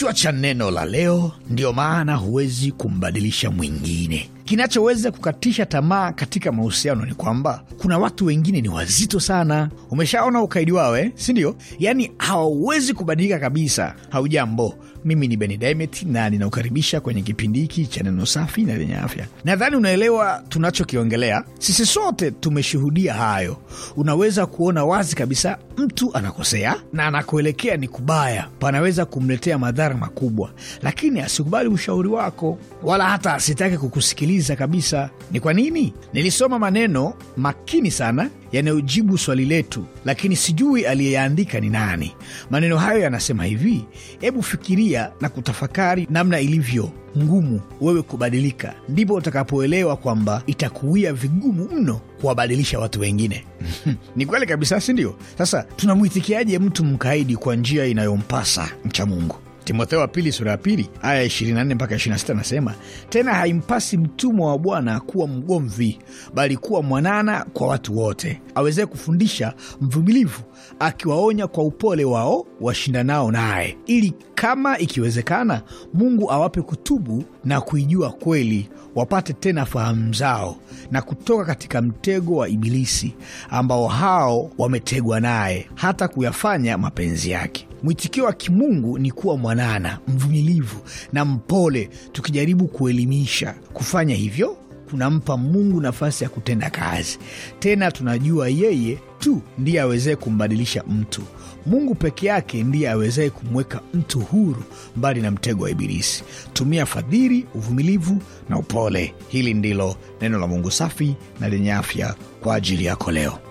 kichwa cha neno la leo, ndiyo maana huwezi kumbadilisha mwingine Kinachoweza kukatisha tamaa katika mahusiano ni kwamba kuna watu wengine ni wazito sana. Umeshaona ukaidi wao eh, si ndio? Yaani hawawezi kubadilika kabisa. Haujambo, mimi ni Beni Dimet na ninaukaribisha kwenye kipindi hiki cha neno safi na lenye afya. Nadhani unaelewa tunachokiongelea. Sisi sote tumeshuhudia hayo. Unaweza kuona wazi kabisa mtu anakosea na anakuelekea ni kubaya, panaweza kumletea madhara makubwa, lakini asikubali ushauri wako wala hata asitake kukusikiliza kuuliza kabisa, ni kwa nini? Nilisoma maneno makini sana yanayojibu swali letu, lakini sijui aliyeyaandika ni nani. Maneno hayo yanasema hivi: hebu fikiria na kutafakari namna ilivyo ngumu wewe kubadilika, ndipo utakapoelewa kwamba itakuwia vigumu mno kuwabadilisha watu wengine. Ni kweli kabisa, si ndio? Sasa tunamwitikiaje mtu mkaidi kwa njia inayompasa mcha Mungu? Timotheo wa pili sura ya pili aya 24 mpaka 26 nasema, tena haimpasi mtumwa wa Bwana kuwa mgomvi, bali kuwa mwanana kwa watu wote, awezee kufundisha, mvumilivu, akiwaonya kwa upole wao washindanao naye, ili kama ikiwezekana Mungu awape kutubu na kuijua kweli, wapate tena fahamu zao na kutoka katika mtego wa Ibilisi ambao hao wametegwa naye, hata kuyafanya mapenzi yake. Mwitikio wa kimungu ni kuwa mwanana, mvumilivu na mpole, tukijaribu kuelimisha. Kufanya hivyo tunampa Mungu nafasi ya kutenda kazi. Tena tunajua yeye tu ndiye awezaye kumbadilisha mtu. Mungu peke yake ndiye awezaye kumweka mtu huru mbali na mtego wa Ibilisi. Tumia fadhili, uvumilivu na upole. Hili ndilo neno la Mungu safi na lenye afya kwa ajili yako leo.